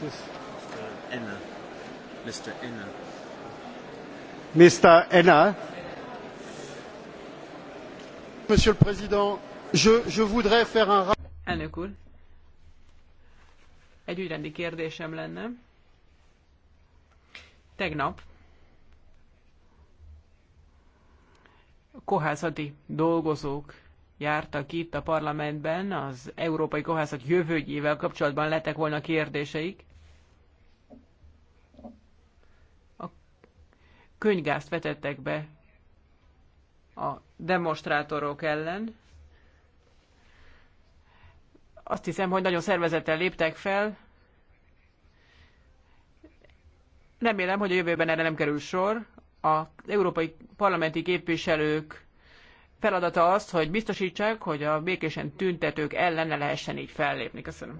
this? Uh, Enna. Mr. Enna. Mr. Enna. Monsieur le Président, je, je voudrais faire un... Elnök úr, egy ügyrendi kérdésem lenne. Tegnap kohászati dolgozók jártak itt a parlamentben, az európai kohászat jövőjével kapcsolatban lettek volna kérdéseik. könygázt vetettek be a demonstrátorok ellen. Azt hiszem, hogy nagyon szervezetten léptek fel. Remélem, hogy a jövőben erre nem kerül sor. Az európai parlamenti képviselők feladata az, hogy biztosítsák, hogy a békésen tüntetők ellen ne lehessen így fellépni. Köszönöm.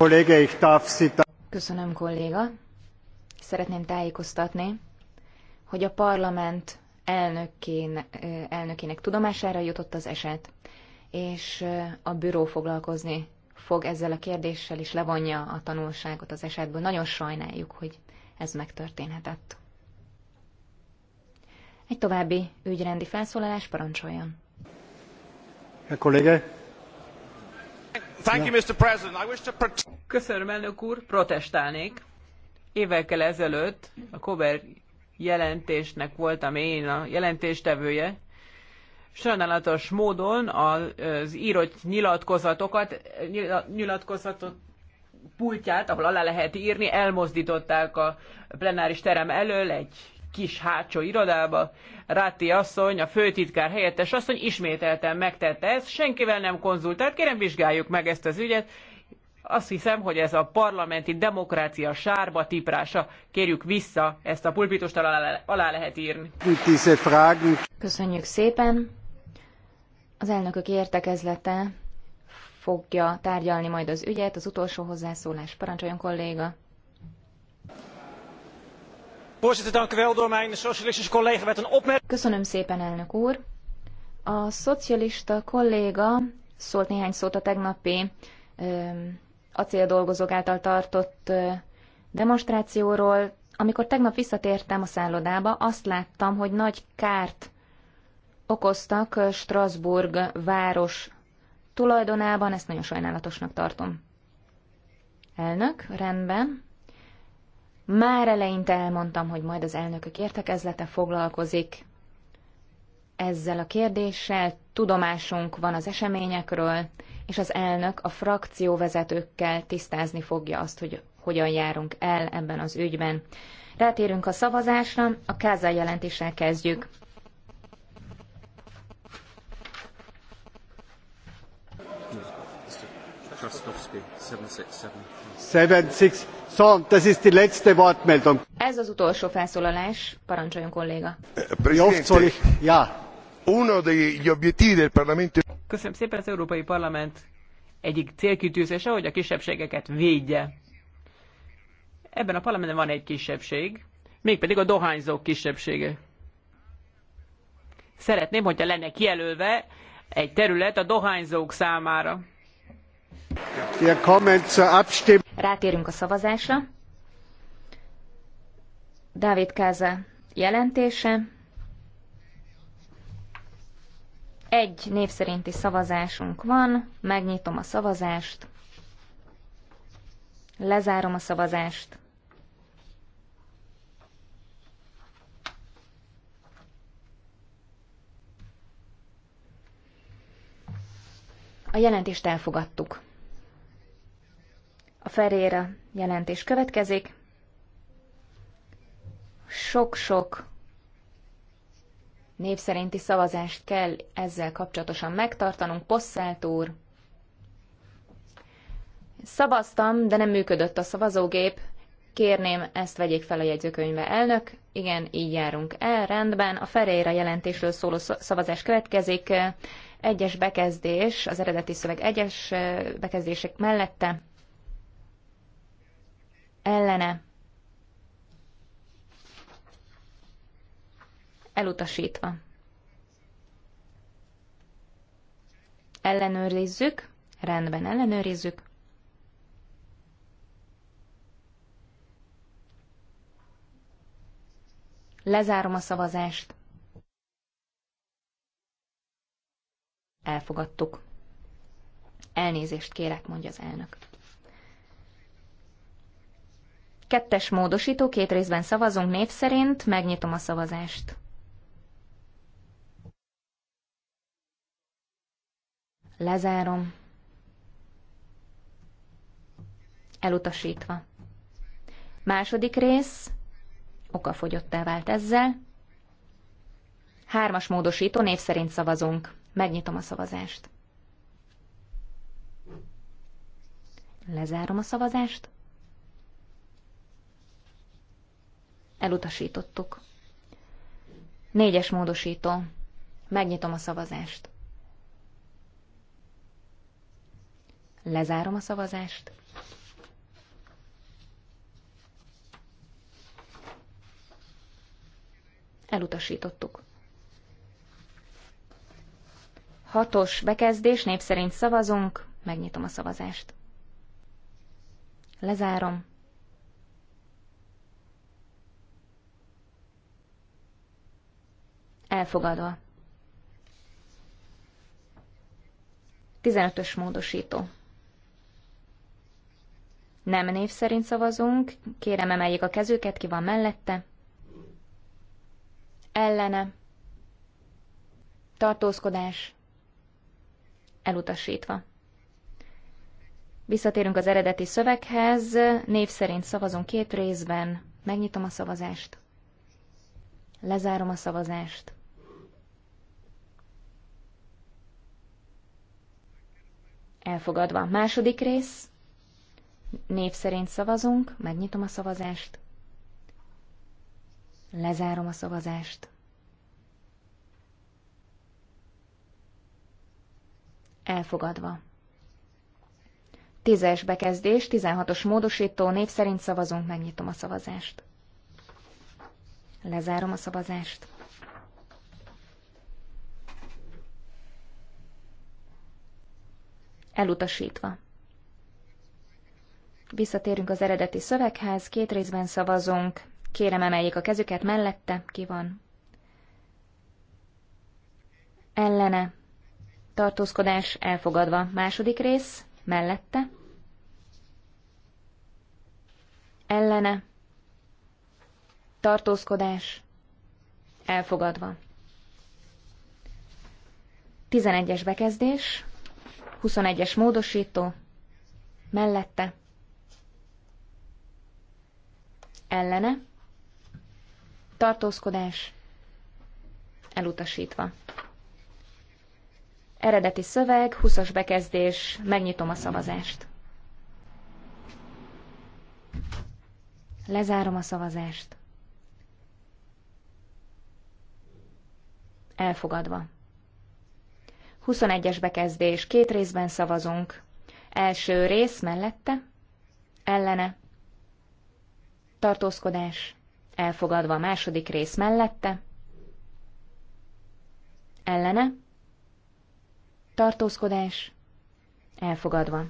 Köszönöm, kolléga. Szeretném tájékoztatni, hogy a parlament elnökén, elnökének tudomására jutott az eset, és a büró foglalkozni fog ezzel a kérdéssel, és levonja a tanulságot az esetből. Nagyon sajnáljuk, hogy ez megtörténhetett. Egy további ügyrendi felszólalás parancsoljon. Herr Thank you, Mr. President. I wish to Köszönöm, elnök úr, protestálnék. Évekkel ezelőtt a Kober jelentésnek voltam én a jelentéstevője. Sajnálatos módon az írott nyilatkozatokat, nyilatkozatot pultját, ahol alá lehet írni, elmozdították a plenáris terem elől egy kis hátsó irodába. Ráti asszony, a főtitkár helyettes asszony ismételten megtette ezt, senkivel nem konzultált, kérem vizsgáljuk meg ezt az ügyet, azt hiszem, hogy ez a parlamenti demokrácia sárba tiprása. Kérjük vissza, ezt a pulpitust alá, alá lehet írni. Köszönjük szépen. Az elnökök értekezlete fogja tárgyalni majd az ügyet. Az utolsó hozzászólás. Parancsoljon kolléga. Köszönöm szépen, elnök úr. A szocialista kolléga szólt néhány szót a tegnapi acéldolgozók által tartott demonstrációról. Amikor tegnap visszatértem a szállodába, azt láttam, hogy nagy kárt okoztak Strasbourg város tulajdonában, ezt nagyon sajnálatosnak tartom. Elnök, rendben. Már eleinte elmondtam, hogy majd az elnökök értekezlete foglalkozik ezzel a kérdéssel. Tudomásunk van az eseményekről, és az elnök a frakcióvezetőkkel tisztázni fogja azt, hogy hogyan járunk el ebben az ügyben. Rátérünk a szavazásra, a Kázár jelentéssel kezdjük. Ez az utolsó felszólalás. Parancsoljon, kolléga. Ja uno degli obiettivi del Parlamento. Köszönöm szépen az Európai Parlament egyik célkitűzése, hogy a kisebbségeket védje. Ebben a parlamentben van egy kisebbség, mégpedig a dohányzók kisebbsége. Szeretném, hogyha lenne kijelölve egy terület a dohányzók számára. Rátérünk a szavazásra. Dávid Káza jelentése. Egy név szerinti szavazásunk van, megnyitom a szavazást, lezárom a szavazást. A jelentést elfogadtuk. A Ferére jelentés következik. Sok-sok Név szerinti szavazást kell ezzel kapcsolatosan megtartanunk. Posszelt úr. Szavaztam, de nem működött a szavazógép. Kérném, ezt vegyék fel a jegyzőkönyvbe, elnök. Igen, így járunk el. Rendben, a Ferreira jelentésről szóló szavazás következik. Egyes bekezdés, az eredeti szöveg egyes bekezdések mellette. Ellene. elutasítva. Ellenőrizzük, rendben ellenőrizzük. Lezárom a szavazást. Elfogadtuk. Elnézést kérek, mondja az elnök. Kettes módosító, két részben szavazunk név szerint, megnyitom a szavazást. Lezárom. Elutasítva. Második rész. Okafogyottá vált ezzel. Hármas módosító név szerint szavazunk. Megnyitom a szavazást. Lezárom a szavazást. Elutasítottuk. Négyes módosító. Megnyitom a szavazást. Lezárom a szavazást. Elutasítottuk. Hatos bekezdés, nép szerint szavazunk, megnyitom a szavazást. Lezárom. Elfogadva. 15-ös módosító nem név szerint szavazunk. Kérem, emeljék a kezüket, ki van mellette. Ellene. Tartózkodás. Elutasítva. Visszatérünk az eredeti szöveghez. Név szerint szavazunk két részben. Megnyitom a szavazást. Lezárom a szavazást. Elfogadva. Második rész. Név szerint szavazunk, megnyitom a szavazást. Lezárom a szavazást. Elfogadva. Tízes bekezdés, 16-os módosító, név szerint szavazunk, megnyitom a szavazást. Lezárom a szavazást. Elutasítva. Visszatérünk az eredeti szöveghez, két részben szavazunk. Kérem emeljék a kezüket mellette, ki van. Ellene. Tartózkodás elfogadva. Második rész, mellette. Ellene. Tartózkodás elfogadva. 11-es bekezdés, 21-es módosító, mellette, ellene, tartózkodás, elutasítva. Eredeti szöveg, 20-as bekezdés, megnyitom a szavazást. Lezárom a szavazást. Elfogadva. 21-es bekezdés, két részben szavazunk. Első rész mellette, ellene, tartózkodás, elfogadva a második rész mellette, ellene, tartózkodás, elfogadva.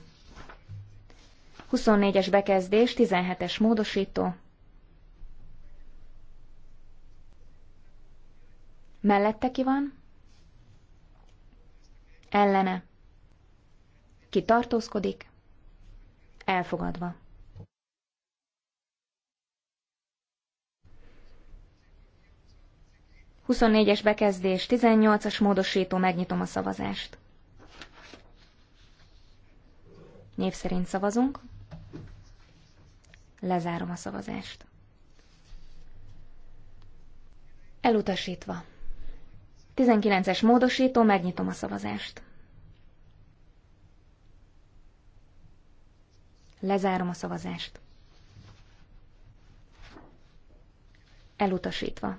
24-es bekezdés, 17-es módosító, Mellette ki van? Ellene. Ki tartózkodik? Elfogadva. 24-es bekezdés, 18-as módosító, megnyitom a szavazást. Név szerint szavazunk. Lezárom a szavazást. Elutasítva. 19-es módosító, megnyitom a szavazást. Lezárom a szavazást. Elutasítva.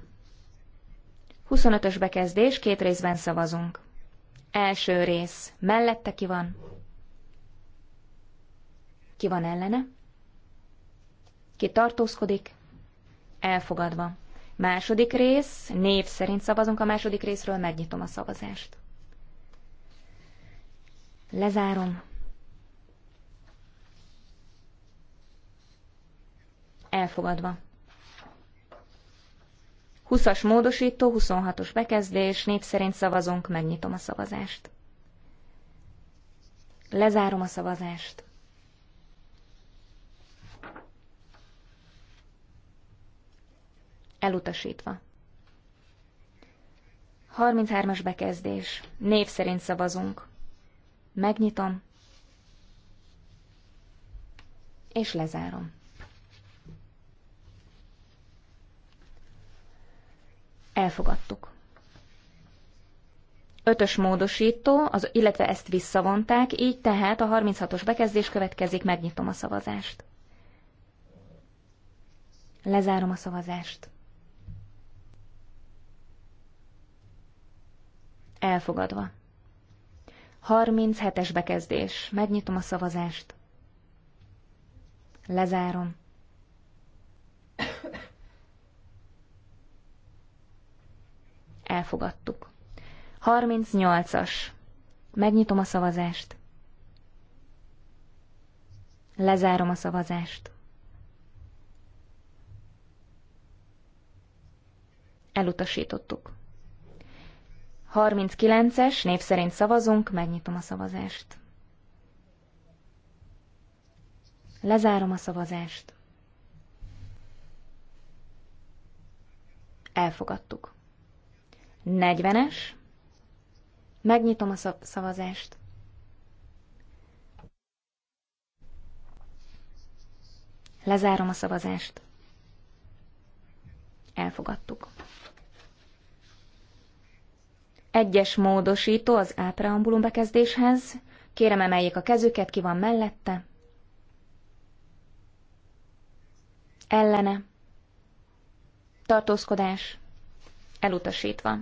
25-ös bekezdés, két részben szavazunk. Első rész. Mellette ki van? Ki van ellene? Ki tartózkodik? Elfogadva. Második rész. Név szerint szavazunk a második részről, megnyitom a szavazást. Lezárom. Elfogadva. 20-as módosító, 26-os bekezdés, név szerint szavazunk, megnyitom a szavazást. Lezárom a szavazást. Elutasítva. 33-as bekezdés. Név szerint szavazunk. Megnyitom. És lezárom. Elfogadtuk. Ötös módosító, az, illetve ezt visszavonták, így tehát a 36-os bekezdés következik, megnyitom a szavazást. Lezárom a szavazást. Elfogadva. 37-es bekezdés. Megnyitom a szavazást. Lezárom. elfogadtuk. 38-as. Megnyitom a szavazást. Lezárom a szavazást. Elutasítottuk. 39-es, név szerint szavazunk, megnyitom a szavazást. Lezárom a szavazást. Elfogadtuk. 40-es. Megnyitom a szavazást. Lezárom a szavazást. Elfogadtuk. Egyes módosító az ápreambulum bekezdéshez. Kérem emeljék a kezüket, ki van mellette. Ellene. Tartózkodás. Elutasítva.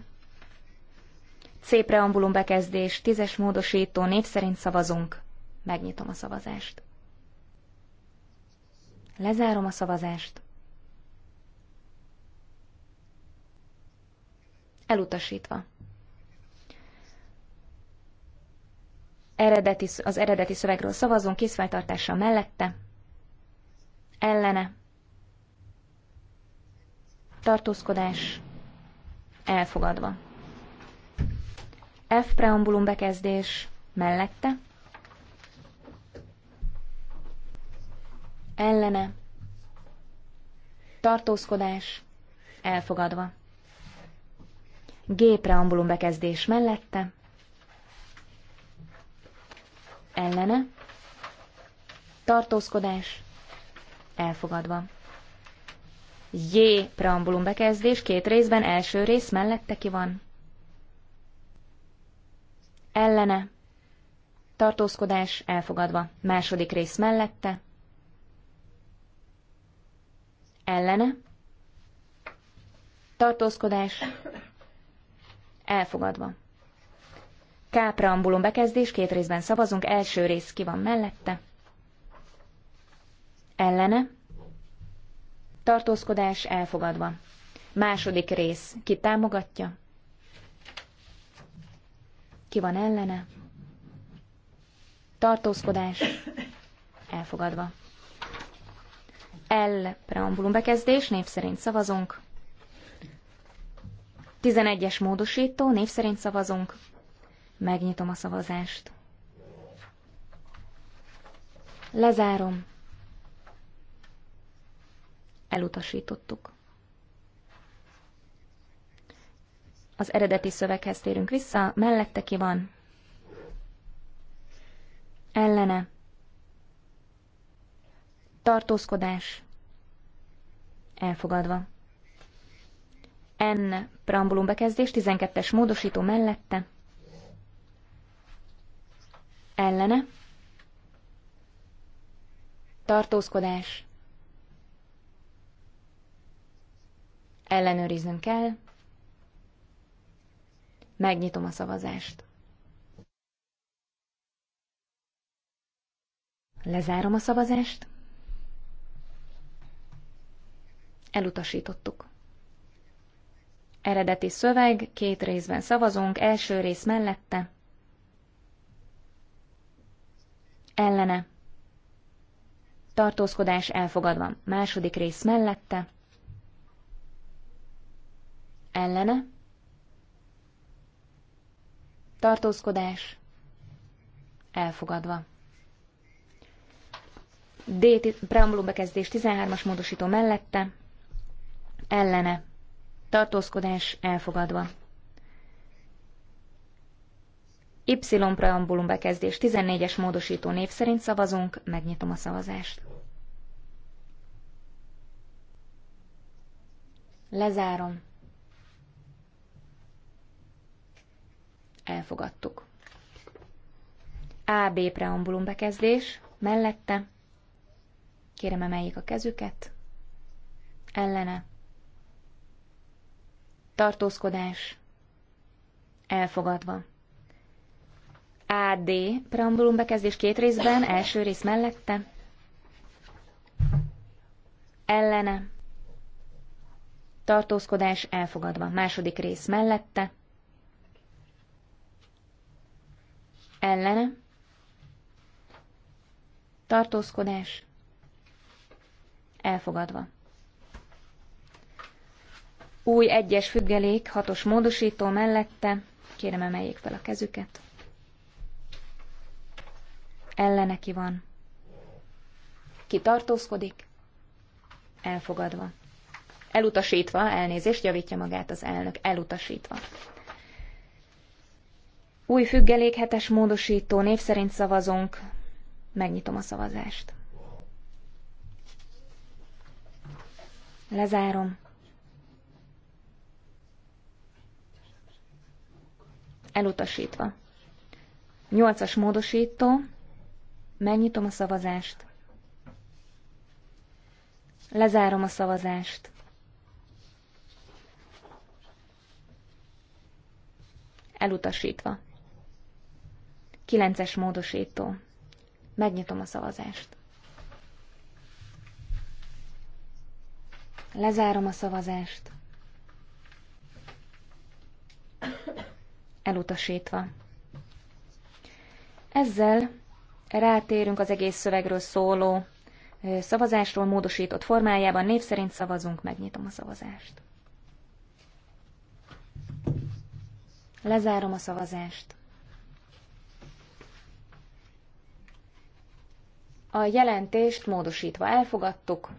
C preambulum bekezdés, tízes módosító, név szerint szavazunk. Megnyitom a szavazást. Lezárom a szavazást. Elutasítva. Eredeti, az eredeti szövegről szavazunk, készfeltartása mellette, ellene, tartózkodás, elfogadva. F preambulum bekezdés mellette, ellene, tartózkodás, elfogadva. G preambulum bekezdés mellette, ellene, tartózkodás, elfogadva. J preambulum bekezdés két részben, első rész mellette ki van? Ellene. Tartózkodás elfogadva. Második rész mellette. Ellene. Tartózkodás elfogadva. K preambulum bekezdés két részben szavazunk, első rész ki van mellette. Ellene tartózkodás elfogadva. Második rész. Ki támogatja? Ki van ellene? Tartózkodás elfogadva. L. Preambulum bekezdés, név szerint szavazunk. 11-es módosító, név szerint szavazunk. Megnyitom a szavazást. Lezárom elutasítottuk. Az eredeti szöveghez térünk vissza, mellette ki van, ellene, tartózkodás, elfogadva. N preambulum bekezdés 12-es módosító mellette, ellene, tartózkodás, Ellenőriznünk kell. Megnyitom a szavazást. Lezárom a szavazást. Elutasítottuk. Eredeti szöveg, két részben szavazunk, első rész mellette. Ellene. Tartózkodás elfogadva. Második rész mellette ellene, tartózkodás, elfogadva. D. Preambulum bekezdés 13-as módosító mellette, ellene, tartózkodás, elfogadva. Y preambulum bekezdés 14-es módosító név szerint szavazunk, megnyitom a szavazást. Lezárom. elfogadtuk. AB preambulum bekezdés, mellette, kérem emeljék a kezüket, ellene, tartózkodás, elfogadva. AD preambulum bekezdés két részben, első rész mellette, ellene, tartózkodás elfogadva, második rész mellette, ellene, tartózkodás, elfogadva. Új egyes függelék, hatos módosító mellette, kérem emeljék fel a kezüket. Ellene ki van. Ki tartózkodik? Elfogadva. Elutasítva, elnézést, javítja magát az elnök, elutasítva. Új függelékhetes hetes módosító név szerint szavazunk. Megnyitom a szavazást. Lezárom. Elutasítva. Nyolcas módosító. Megnyitom a szavazást. Lezárom a szavazást. Elutasítva. Kilences módosító. Megnyitom a szavazást. Lezárom a szavazást. Elutasítva. Ezzel rátérünk az egész szövegről szóló szavazásról módosított formájában. Név szerint szavazunk, megnyitom a szavazást. Lezárom a szavazást. A jelentést módosítva elfogadtuk.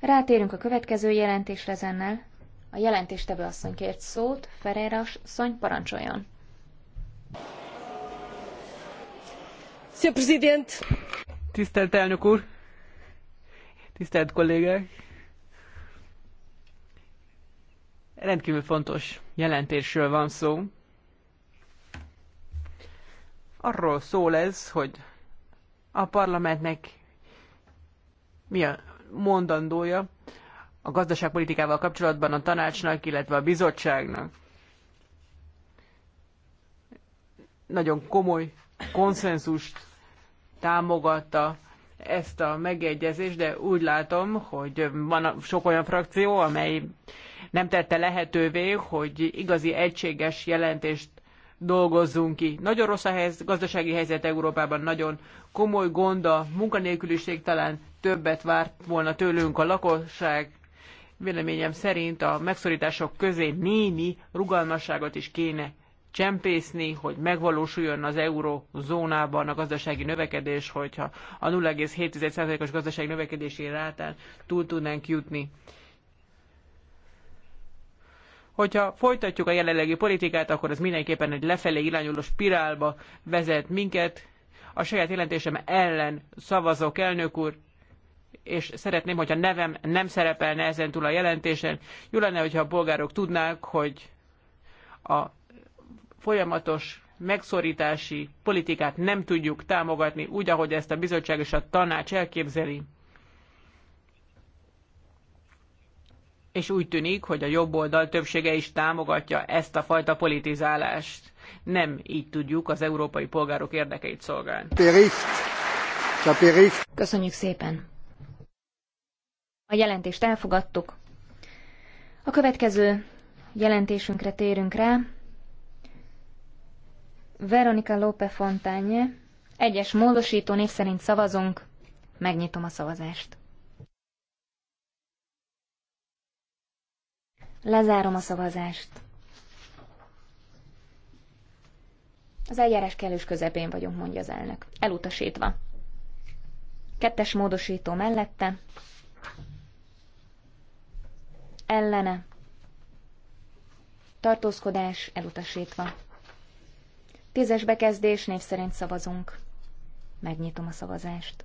Rátérünk a következő jelentésre zennel. A jelentéstevő asszony kért szót, Ferreira asszony parancsoljon. prezident! Tisztelt elnök úr! Tisztelt kollégák! Rendkívül fontos jelentésről van szó, Arról szól ez, hogy a parlamentnek mi a mondandója a gazdaságpolitikával kapcsolatban a tanácsnak, illetve a bizottságnak. Nagyon komoly konszenzust támogatta ezt a megegyezést, de úgy látom, hogy van sok olyan frakció, amely nem tette lehetővé, hogy igazi egységes jelentést dolgozzunk ki. Nagyon rossz a helyzet, gazdasági helyzet Európában, nagyon komoly gond a munkanélküliség, talán többet várt volna tőlünk a lakosság. Véleményem szerint a megszorítások közé némi rugalmasságot is kéne csempészni, hogy megvalósuljon az eurózónában a gazdasági növekedés, hogyha a 0,7%-os gazdasági növekedési rátán túl tudnánk jutni hogyha folytatjuk a jelenlegi politikát, akkor ez mindenképpen egy lefelé irányuló spirálba vezet minket. A saját jelentésem ellen szavazok, elnök úr, és szeretném, hogyha nevem nem szerepelne ezen túl a jelentésen. Jó lenne, hogyha a polgárok tudnák, hogy a folyamatos megszorítási politikát nem tudjuk támogatni úgy, ahogy ezt a bizottság és a tanács elképzeli. és úgy tűnik, hogy a jobb oldal többsége is támogatja ezt a fajta politizálást. Nem így tudjuk az európai polgárok érdekeit szolgálni. Köszönjük szépen! A jelentést elfogadtuk. A következő jelentésünkre térünk rá. Veronika Lope Fontánye. Egyes módosító név szerint szavazunk. Megnyitom a szavazást. Lezárom a szavazást. Az eljárás kellős közepén vagyunk, mondja az elnök. Elutasítva. Kettes módosító mellette. Ellene. Tartózkodás elutasítva. Tízes bekezdés név szerint szavazunk. Megnyitom a szavazást.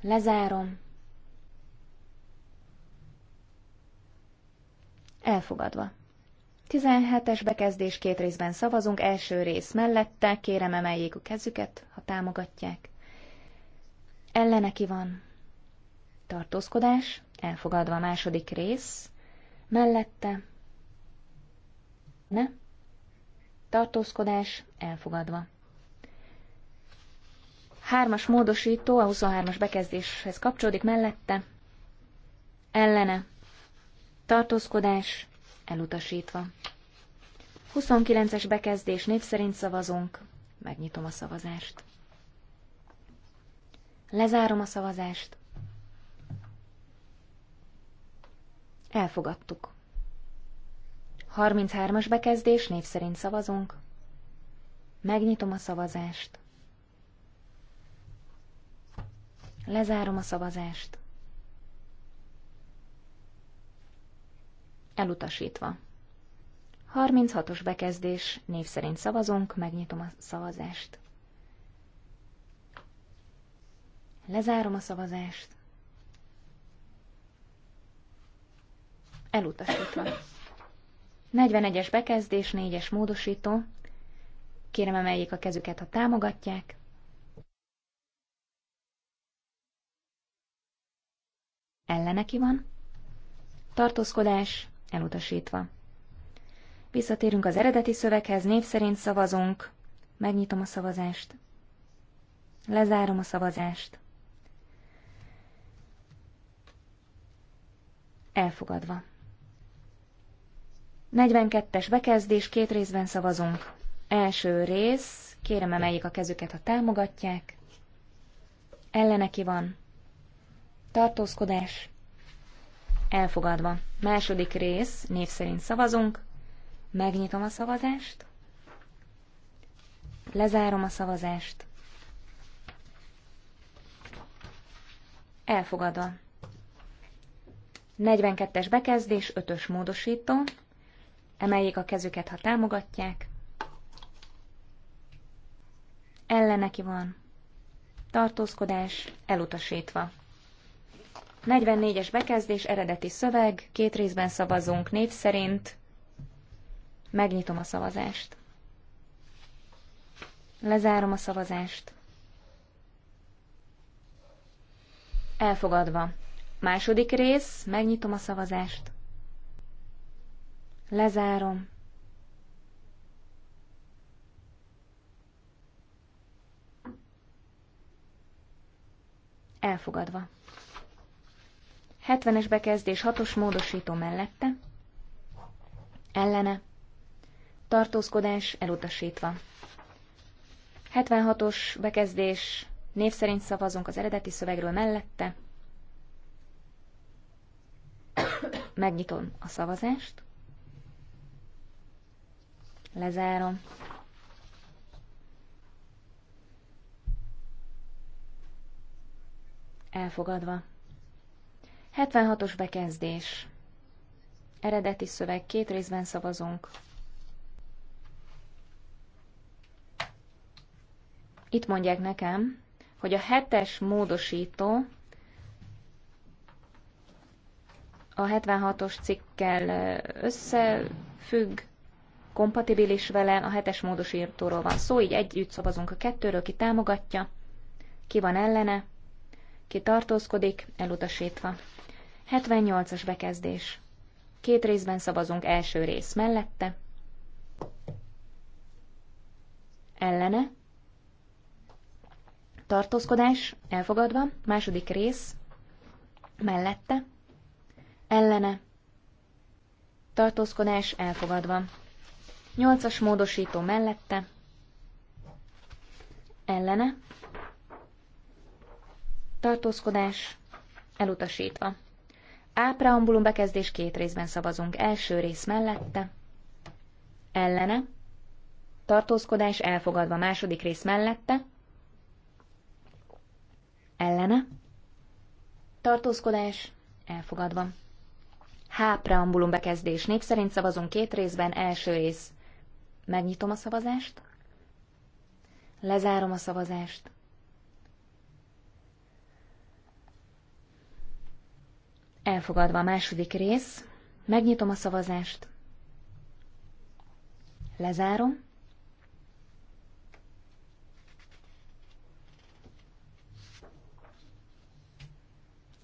Lezárom. Elfogadva. 17-es bekezdés két részben szavazunk, első rész mellette, kérem emeljék a kezüket, ha támogatják. Ellene ki van. Tartózkodás, elfogadva a második rész, mellette. Ne. Tartózkodás, elfogadva. Hármas módosító a 23-as bekezdéshez kapcsolódik mellette. Ellene tartózkodás elutasítva. 29-es bekezdés név szerint szavazunk, megnyitom a szavazást. Lezárom a szavazást. Elfogadtuk. 33-as bekezdés név szerint szavazunk. Megnyitom a szavazást. Lezárom a szavazást. Elutasítva. 36-os bekezdés, név szerint szavazunk, megnyitom a szavazást. Lezárom a szavazást. Elutasítva. 41-es bekezdés, 4-es módosító. Kérem emeljék a kezüket, ha támogatják. Ellene ki van. Tartózkodás elutasítva. Visszatérünk az eredeti szöveghez, név szerint szavazunk. Megnyitom a szavazást. Lezárom a szavazást. Elfogadva. 42-es bekezdés, két részben szavazunk. Első rész, kérem emeljék a kezüket, ha támogatják. Ellene ki van. Tartózkodás. Elfogadva. Második rész, név szerint szavazunk. Megnyitom a szavazást. Lezárom a szavazást. Elfogadva. 42-es bekezdés, 5-ös módosító. Emeljék a kezüket, ha támogatják. Ellene ki van. Tartózkodás elutasítva. 44-es bekezdés, eredeti szöveg, két részben szavazunk név szerint. Megnyitom a szavazást. Lezárom a szavazást. Elfogadva. Második rész, megnyitom a szavazást. Lezárom. Elfogadva. 70-es bekezdés hatos módosító mellette, ellene, tartózkodás elutasítva. 76-os bekezdés név szerint szavazunk az eredeti szövegről mellette. Megnyitom a szavazást. Lezárom. Elfogadva. 76-os bekezdés. Eredeti szöveg, két részben szavazunk. Itt mondják nekem, hogy a hetes módosító a 76-os cikkkel összefügg, kompatibilis vele, a hetes módosítóról van szó, így együtt szavazunk a kettőről, ki támogatja, ki van ellene, ki tartózkodik, elutasítva. 78-as bekezdés. Két részben szavazunk első rész mellette. Ellene. Tartózkodás elfogadva. Második rész mellette. Ellene. Tartózkodás elfogadva. 8-as módosító mellette. Ellene. Tartózkodás elutasítva. A preambulum bekezdés két részben szavazunk. Első rész mellette, ellene, tartózkodás elfogadva. Második rész mellette, ellene, tartózkodás elfogadva. H. Preambulum bekezdés. Név szerint szavazunk két részben. Első rész. Megnyitom a szavazást. Lezárom a szavazást. Elfogadva a második rész, megnyitom a szavazást, lezárom,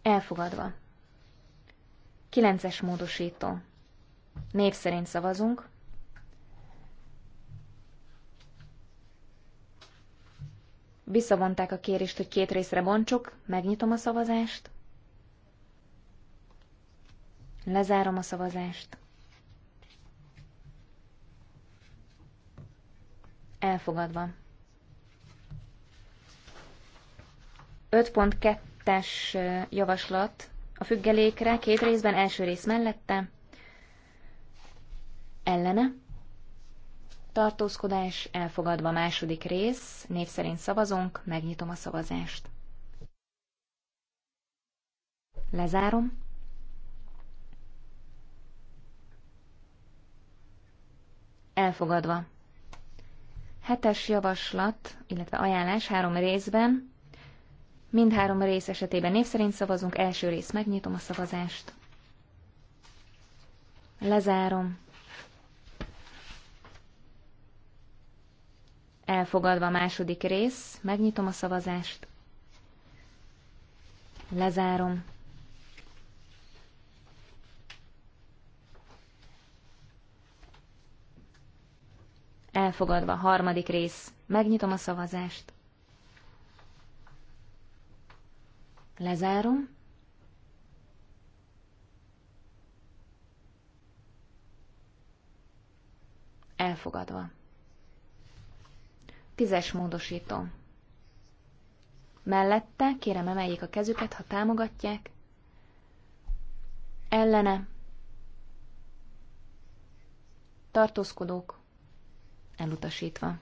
Elfogadva. Kilences módosító. Név szerint szavazunk. Visszavonták a kérést, hogy két részre bontsuk, megnyitom a szavazást. Lezárom a szavazást. Elfogadva. 5.2-es javaslat a függelékre két részben, első rész mellette, ellene, tartózkodás, elfogadva második rész, név szerint szavazunk, megnyitom a szavazást. Lezárom. elfogadva. Hetes javaslat, illetve ajánlás három részben. Mindhárom rész esetében név szerint szavazunk. Első rész megnyitom a szavazást. Lezárom. Elfogadva a második rész, megnyitom a szavazást. Lezárom. elfogadva. Harmadik rész. Megnyitom a szavazást. Lezárom. Elfogadva. Tízes módosító. Mellette kérem emeljék a kezüket, ha támogatják. Ellene. Tartózkodók elutasítva.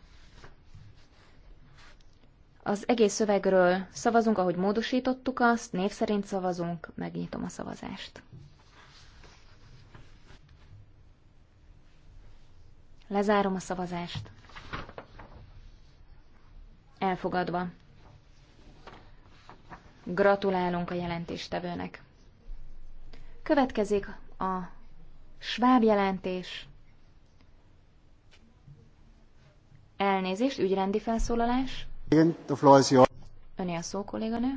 Az egész szövegről szavazunk, ahogy módosítottuk azt, név szerint szavazunk, megnyitom a szavazást. Lezárom a szavazást. Elfogadva. Gratulálunk a jelentéstevőnek. Következik a sváb jelentés. Elnézést, ügyrendi felszólalás. Igen, the floor is yours. Öné a szó, kolléganő.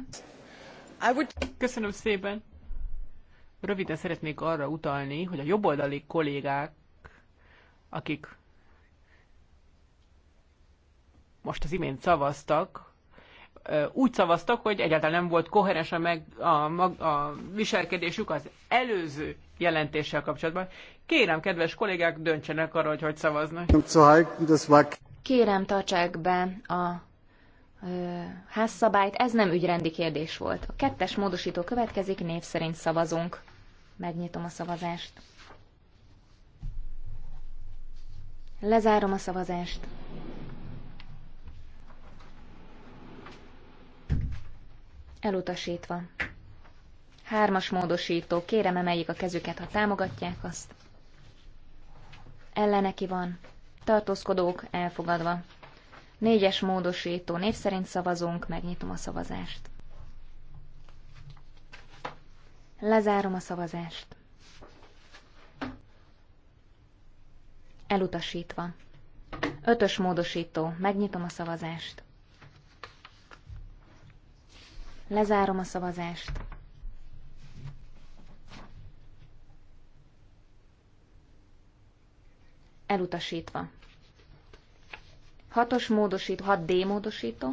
I would... Köszönöm szépen. Röviden szeretnék arra utalni, hogy a jobboldali kollégák, akik most az imént szavaztak, úgy szavaztak, hogy egyáltalán nem volt koherens a, meg, a, a, a viselkedésük az előző jelentéssel kapcsolatban. Kérem, kedves kollégák, döntsenek arra, hogy hogy szavaznak. Kérem, tartsák be a házszabályt, ez nem ügyrendi kérdés volt. A kettes módosító következik, név szerint szavazunk. Megnyitom a szavazást. Lezárom a szavazást. Elutasítva. Hármas módosító, kérem emeljék a kezüket, ha támogatják azt. Ellene ki van tartózkodók elfogadva. Négyes módosító név szerint szavazunk, megnyitom a szavazást. Lezárom a szavazást. Elutasítva. Ötös módosító, megnyitom a szavazást. Lezárom a szavazást. elutasítva. Hatos módosító, hat d módosító.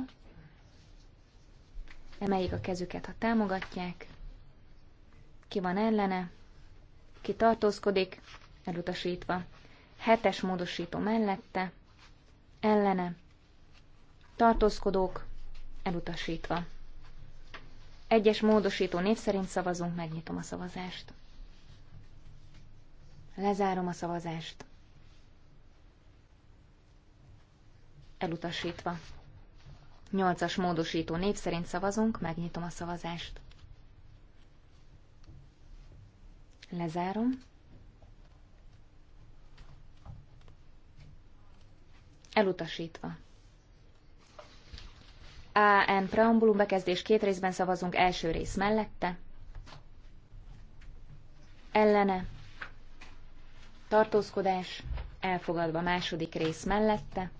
Emeljék a kezüket, ha támogatják. Ki van ellene? Ki tartózkodik? Elutasítva. Hetes módosító mellette. Ellene. Tartózkodók. Elutasítva. Egyes módosító név szerint szavazunk, megnyitom a szavazást. Lezárom a szavazást. elutasítva. Nyolcas módosító név szerint szavazunk, megnyitom a szavazást. Lezárom. Elutasítva. AN preambulum bekezdés két részben szavazunk első rész mellette. Ellene. Tartózkodás. Elfogadva második rész mellette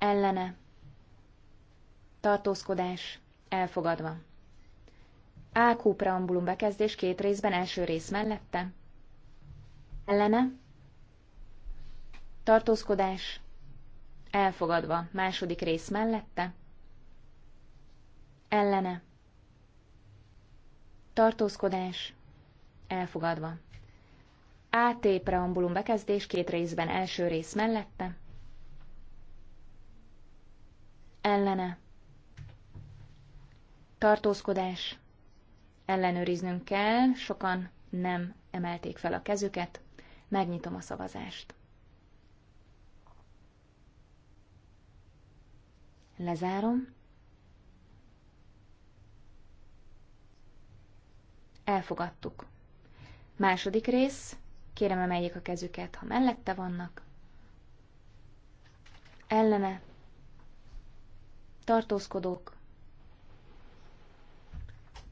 ellene, tartózkodás, elfogadva. AQ preambulum bekezdés két részben első rész mellette, ellene, tartózkodás, elfogadva második rész mellette, ellene, tartózkodás, elfogadva. AT preambulum bekezdés két részben első rész mellette, ellene, tartózkodás, ellenőriznünk kell, sokan nem emelték fel a kezüket, megnyitom a szavazást. Lezárom. Elfogadtuk. Második rész. Kérem emeljék a kezüket, ha mellette vannak. Ellene tartózkodók,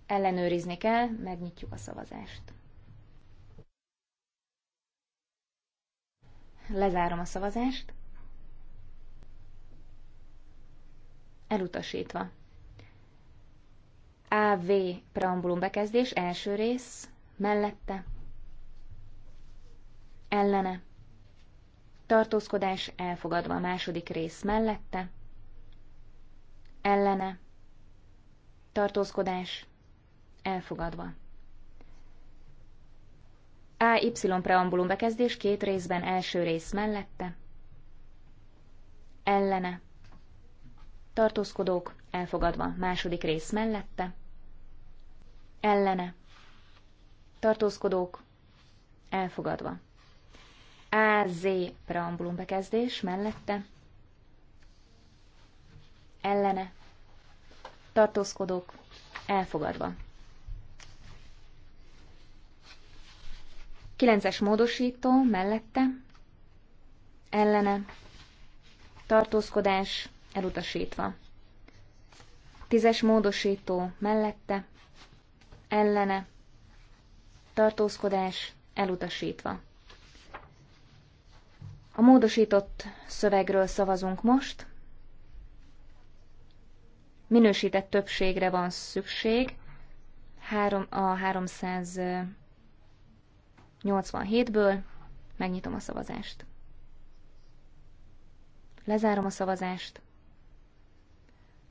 ellenőrizni kell, megnyitjuk a szavazást. Lezárom a szavazást. Elutasítva. AV preambulum bekezdés, első rész, mellette, ellene, tartózkodás elfogadva a második rész mellette, ellene, tartózkodás, elfogadva. AY preambulum bekezdés két részben első rész mellette, ellene, tartózkodók, elfogadva második rész mellette, ellene, tartózkodók, elfogadva. AZ preambulum bekezdés mellette, ellene tartózkodók elfogadva. 9-es módosító mellette ellene tartózkodás elutasítva. 10-es módosító mellette ellene tartózkodás elutasítva. A módosított szövegről szavazunk most minősített többségre van szükség, három, a 387-ből megnyitom a szavazást. Lezárom a szavazást.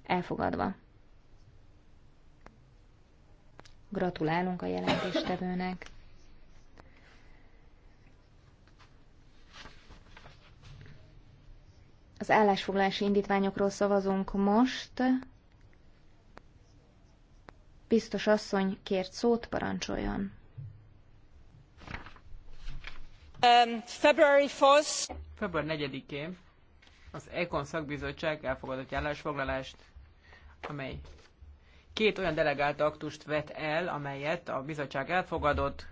Elfogadva. Gratulálunk a jelentéstevőnek. Az állásfoglalási indítványokról szavazunk most. Biztos asszony kért szót, parancsoljon. Um, February 4 Február 4-én az Econ szakbizottság elfogadott állásfoglalást, amely két olyan delegált aktust vet el, amelyet a bizottság elfogadott,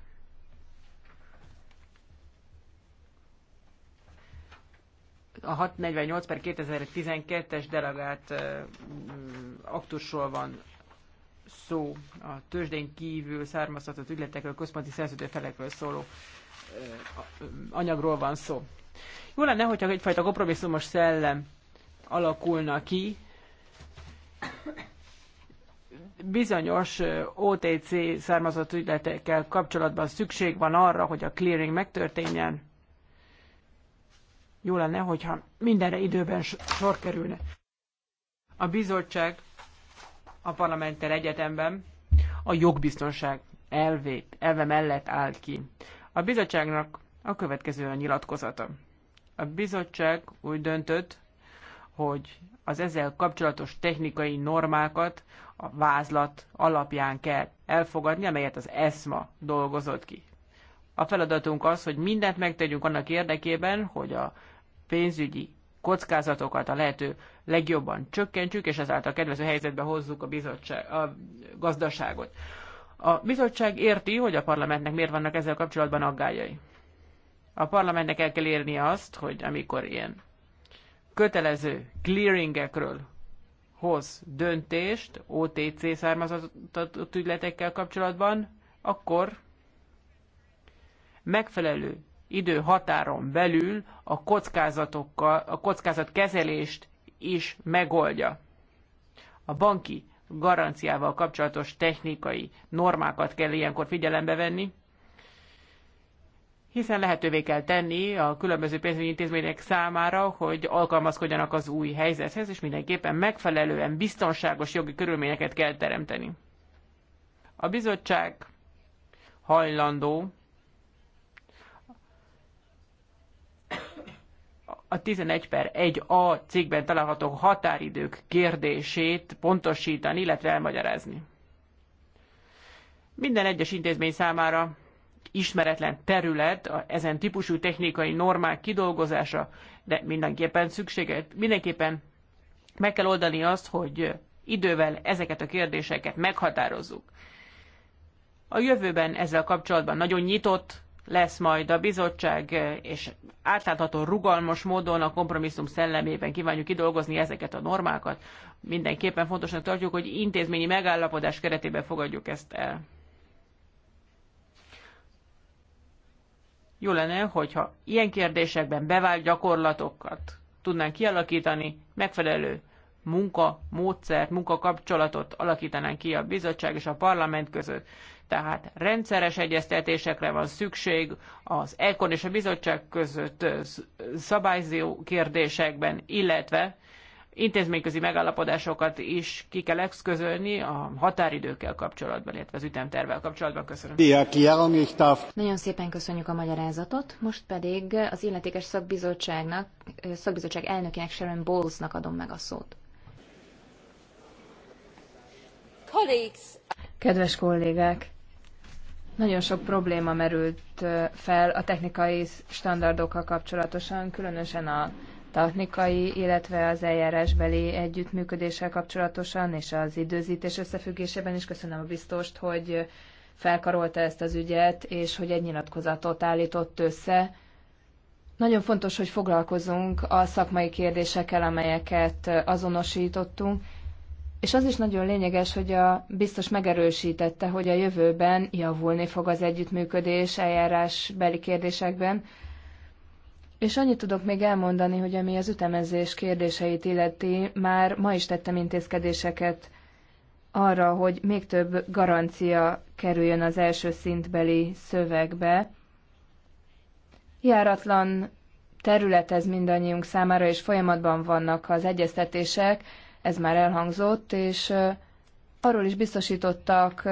a 648 per 2012-es delegált aktusról van szó a tőzsdén kívül származtatott ügyletekről, központi szerződő felekről szóló anyagról van szó. Jó lenne, hogyha egyfajta kompromisszumos szellem alakulna ki, bizonyos OTC származott ügyletekkel kapcsolatban szükség van arra, hogy a clearing megtörténjen. Jó lenne, hogyha mindenre időben sor kerülne. A bizottság a parlamenttel egyetemben a jogbiztonság elvét, elve mellett áll ki. A bizottságnak a következő a nyilatkozata. A bizottság úgy döntött, hogy az ezzel kapcsolatos technikai normákat a vázlat alapján kell elfogadni, amelyet az ESMA dolgozott ki. A feladatunk az, hogy mindent megtegyünk annak érdekében, hogy a pénzügyi kockázatokat a lehető legjobban csökkentsük, és ezáltal kedvező helyzetbe hozzuk a, bizottság, a gazdaságot. A bizottság érti, hogy a parlamentnek miért vannak ezzel kapcsolatban aggályai. A parlamentnek el kell érnie azt, hogy amikor ilyen kötelező clearingekről hoz döntést OTC származott ügyletekkel kapcsolatban, akkor megfelelő idő belül a kockázatokkal, a kockázat kezelést is megoldja. A banki garanciával kapcsolatos technikai normákat kell ilyenkor figyelembe venni, hiszen lehetővé kell tenni a különböző pénzügyi intézmények számára, hogy alkalmazkodjanak az új helyzethez, és mindenképpen megfelelően biztonságos jogi körülményeket kell teremteni. A bizottság hajlandó a 11 per 1a cikkben található határidők kérdését pontosítani, illetve elmagyarázni. Minden egyes intézmény számára ismeretlen terület a ezen típusú technikai normák kidolgozása, de mindenképpen szükséget, mindenképpen meg kell oldani azt, hogy idővel ezeket a kérdéseket meghatározzuk. A jövőben ezzel kapcsolatban nagyon nyitott lesz majd a bizottság, és átlátható, rugalmas módon a kompromisszum szellemében kívánjuk kidolgozni ezeket a normákat. Mindenképpen fontosnak tartjuk, hogy intézményi megállapodás keretében fogadjuk ezt el. Jó lenne, hogyha ilyen kérdésekben bevált gyakorlatokat tudnánk kialakítani, megfelelő munka, módszert, munkakapcsolatot alakítanánk ki a bizottság és a parlament között tehát rendszeres egyeztetésekre van szükség az ECON és a bizottság között szabályzó kérdésekben, illetve intézményközi megállapodásokat is ki kell exközölni a határidőkkel kapcsolatban, illetve az ütemtervel kapcsolatban. Köszönöm. Nagyon szépen köszönjük a magyarázatot, most pedig az illetékes szakbizottságnak, szakbizottság elnökének Sharon Bowlesnak adom meg a szót. Kedves kollégák! Nagyon sok probléma merült fel a technikai standardokkal kapcsolatosan, különösen a technikai, illetve az eljárásbeli együttműködéssel kapcsolatosan, és az időzítés összefüggésében is. Köszönöm a biztost, hogy felkarolta ezt az ügyet, és hogy egy nyilatkozatot állított össze. Nagyon fontos, hogy foglalkozunk a szakmai kérdésekkel, amelyeket azonosítottunk, és az is nagyon lényeges, hogy a biztos megerősítette, hogy a jövőben javulni fog az együttműködés beli kérdésekben. És annyit tudok még elmondani, hogy ami az ütemezés kérdéseit illeti, már ma is tettem intézkedéseket arra, hogy még több garancia kerüljön az első szintbeli szövegbe. Járatlan terület ez mindannyiunk számára, és folyamatban vannak az egyeztetések, ez már elhangzott, és arról is biztosítottak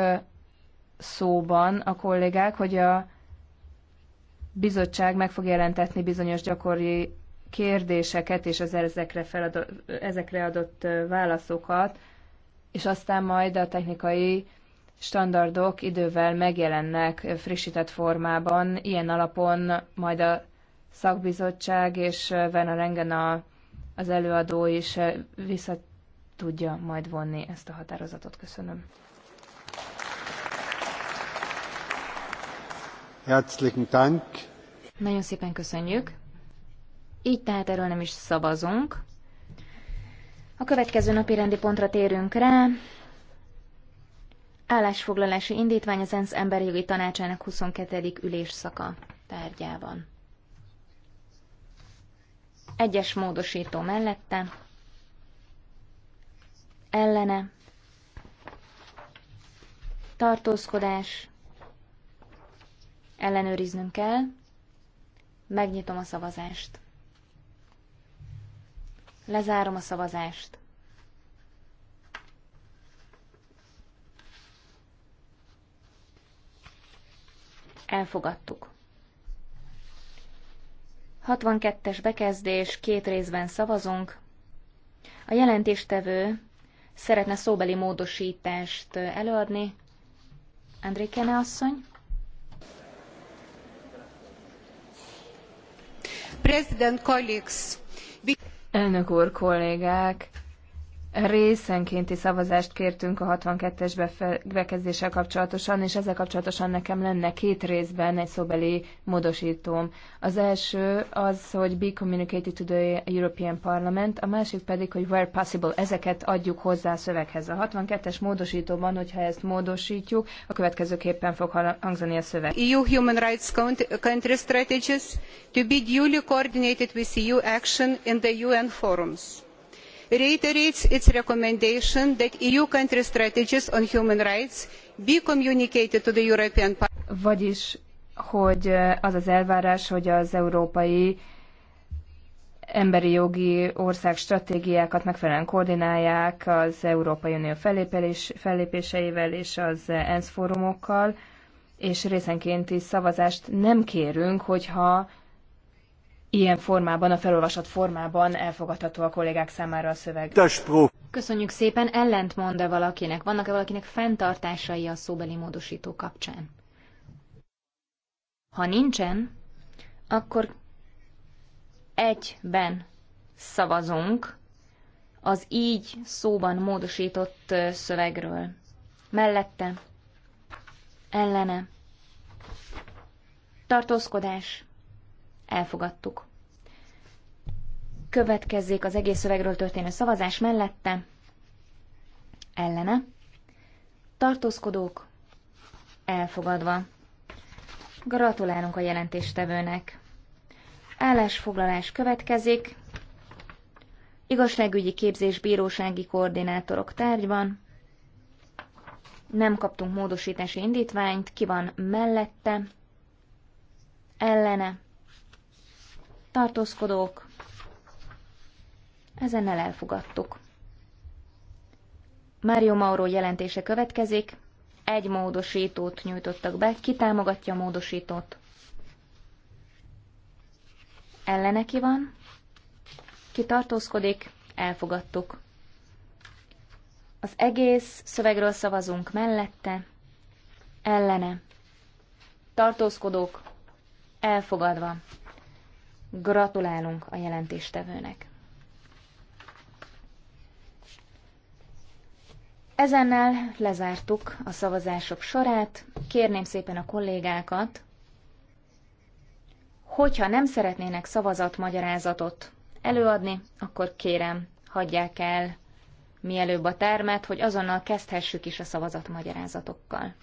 szóban a kollégák, hogy a bizottság meg fog jelentetni bizonyos gyakori kérdéseket és az ezekre, feladott, ezekre adott válaszokat, és aztán majd a technikai standardok idővel megjelennek frissített formában. Ilyen alapon majd a szakbizottság és Vena Rengen a, az előadó is visszat tudja majd vonni ezt a határozatot. Köszönöm. Herzlichen Dank. Nagyon szépen köszönjük. Így tehát erről nem is szavazunk. A következő napi rendi pontra térünk rá. Állásfoglalási indítvány az ENSZ Emberjogi Tanácsának 22. ülésszaka tárgyában. Egyes módosító mellette ellene, tartózkodás, ellenőriznünk kell, megnyitom a szavazást. Lezárom a szavazást. Elfogadtuk. 62-es bekezdés, két részben szavazunk. A jelentéstevő szeretne szóbeli módosítást előadni. André Kene asszony. President colleagues. Elnök úr, kollégák! részenkénti szavazást kértünk a 62-es bekezdéssel kapcsolatosan, és ezzel kapcsolatosan nekem lenne két részben egy szóbeli módosítóm. Az első az, hogy be communicated to the European Parliament, a másik pedig, hogy where possible, ezeket adjuk hozzá a szöveghez. A 62-es módosítóban, hogyha ezt módosítjuk, a következőképpen fog hangzani a szöveg. EU Human Rights Country Strategies to be duly coordinated with EU action in the UN forums reiterates its recommendation that eu country strategies on human rights be communicated to the european parliament. vagyis hogy eh, az az elvárás hogy az európai emberi jogi ország stratégiákat megfelelően koordinálják az Európai Unió fellépés, fellépéseivel és az ENSZ fórumokkal, és részenként is szavazást nem kérünk, hogyha ilyen formában, a felolvasott formában elfogadható a kollégák számára a szöveg. Köszönjük szépen, mond e valakinek? Vannak-e valakinek fenntartásai a szóbeli módosító kapcsán? Ha nincsen, akkor egyben szavazunk az így szóban módosított szövegről. Mellette, ellene, tartózkodás, elfogadtuk. Következzék az egész szövegről történő szavazás mellette, ellene, tartózkodók, elfogadva. Gratulálunk a jelentéstevőnek. Állásfoglalás következik. Igazságügyi képzés bírósági koordinátorok tárgyban. Nem kaptunk módosítási indítványt, ki van mellette, ellene, tartózkodók, ezennel elfogadtuk. Mário Mauro jelentése következik, egy módosítót nyújtottak be, ki támogatja a módosítót? Ellene ki van? Ki tartózkodik? Elfogadtuk. Az egész szövegről szavazunk mellette, ellene. Tartózkodók, elfogadva. Gratulálunk a jelentéstevőnek. Ezennel lezártuk a szavazások sorát. Kérném szépen a kollégákat, hogyha nem szeretnének szavazatmagyarázatot előadni, akkor kérem, hagyják el mielőbb a termet, hogy azonnal kezdhessük is a szavazatmagyarázatokkal.